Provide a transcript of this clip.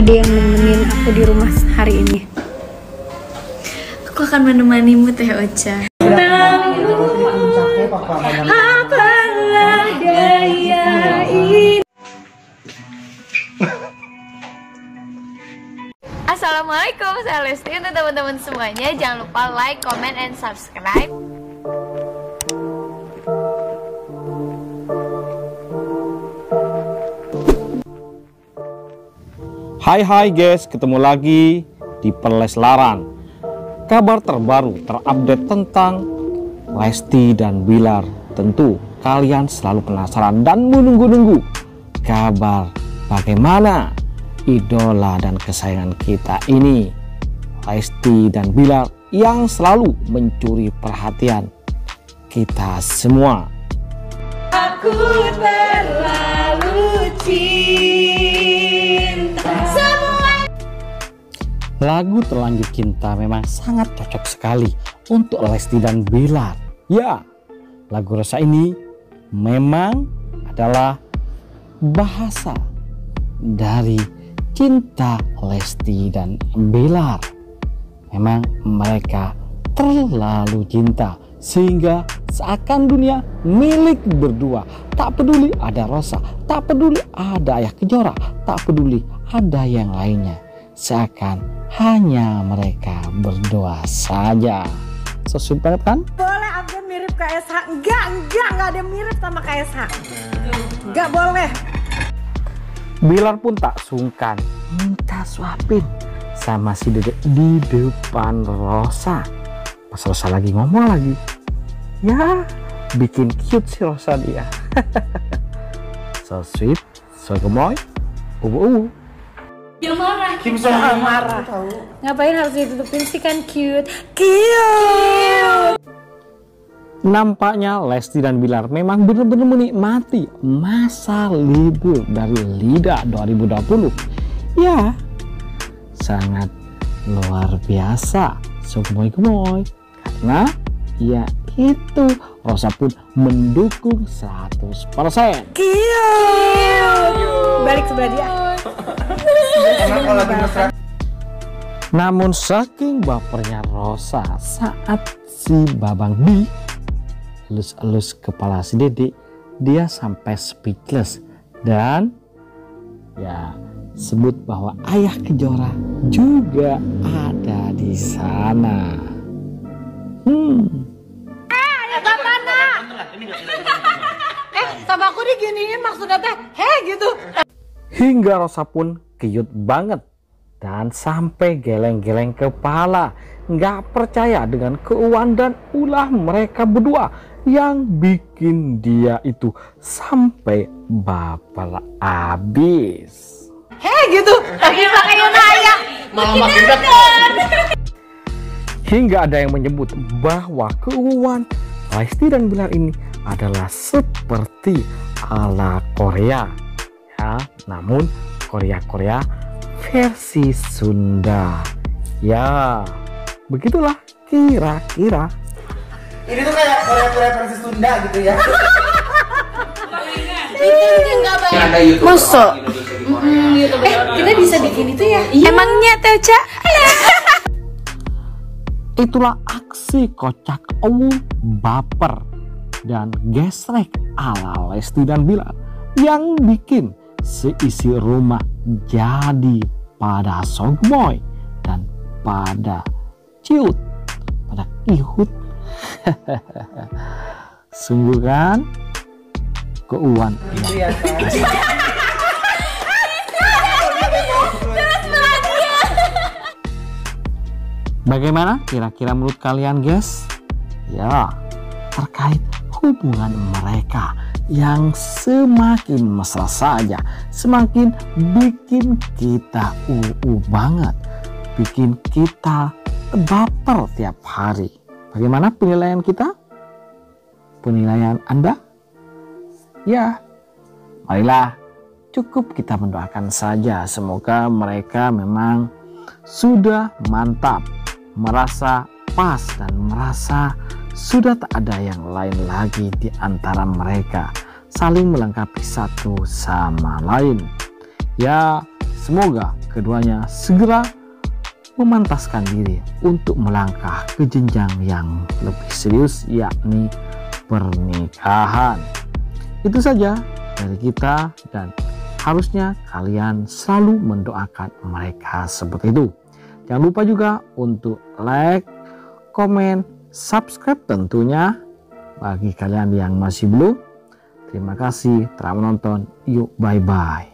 ada yang nemenin aku di rumah hari ini. Aku akan menemanimu Teh Ocha. Apalah daya ini. Assalamualaikum, saya Lesti untuk teman-teman semuanya. Jangan lupa like, comment, and subscribe. Hai hai guys, ketemu lagi di laran. Kabar terbaru terupdate tentang Lesti dan Bilar. Tentu kalian selalu penasaran dan menunggu-nunggu kabar bagaimana idola dan kesayangan kita ini Lesti dan Bilar yang selalu mencuri perhatian kita semua. Aku terlalu cinta Lagu Terlanjur Cinta memang sangat cocok sekali untuk Lesti dan Bilar. Ya, lagu rasa ini memang adalah bahasa dari cinta Lesti dan Bilar. Memang mereka terlalu cinta sehingga seakan dunia milik berdua. Tak peduli ada Rosa, tak peduli ada Ayah Kejora, tak peduli ada yang lainnya seakan hanya mereka berdoa saja. So sweet banget kan? Boleh ada mirip KSH? Enggak, enggak, enggak ada mirip sama KSH. Enggak boleh. Bilar pun tak sungkan minta suapin sama si dedek di depan Rosa. Pas Rosa lagi ngomong lagi. Ya, bikin cute si Rosa dia. so sweet, so gemoy, ubu-ubu. Kim So Hyun marah. Ngapain harus ditutupin sih kan cute. Cute. Nampaknya Lesti dan Bilar memang benar-benar menikmati masa libur dari LIDA 2020. Ya, sangat luar biasa. Sugmoy gemoy. Karena ya itu Rosa pun mendukung 100%. Kiu. Balik sebelah dia. Namun saking bapernya Rosa saat si Babang Bi elus-elus kepala si Dede, dia sampai speechless dan ya sebut bahwa ayah Kejora juga ada di sana. Hmm. Eh, eh sama aku diginiin maksudnya teh, heh gitu hingga Rosa pun kiut banget dan sampai geleng-geleng kepala nggak percaya dengan keuangan dan ulah mereka berdua yang bikin dia itu sampai bapal abis. Heh gitu, lagi makanya naya, malah makin dekat. Hingga ada yang menyebut bahwa keuangan Lesti dan Bilar ini adalah seperti ala Korea Amerika, namun Korea-Korea versi Sunda. Ya, begitulah kira-kira. Ini tuh kayak Korea-Korea versi Sunda gitu ya. Masuk. Gitu, hmm, iya, eh, kita bisa bikin itu ya? Iya. Emangnya cak Itulah aksi kocak Owu baper dan gesrek ala Lesti dan bila yang bikin seisi rumah jadi pada Sogmoy dan pada Ciut, pada kiut, Sungguh kan keuan. Iya, kan? Bagaimana kira-kira menurut kalian guys? Ya, terkait hubungan mereka yang semakin mesra saja, semakin bikin kita uu banget, bikin kita baper tiap hari. Bagaimana penilaian kita? Penilaian Anda? Ya, marilah cukup kita mendoakan saja. Semoga mereka memang sudah mantap, merasa lepas dan merasa sudah tak ada yang lain lagi di antara mereka, saling melengkapi satu sama lain. Ya, semoga keduanya segera memantaskan diri untuk melangkah ke jenjang yang lebih serius, yakni pernikahan. Itu saja dari kita, dan harusnya kalian selalu mendoakan mereka seperti itu. Jangan lupa juga untuk like, komen, subscribe tentunya. Bagi kalian yang masih belum, terima kasih telah menonton. Yuk, bye-bye.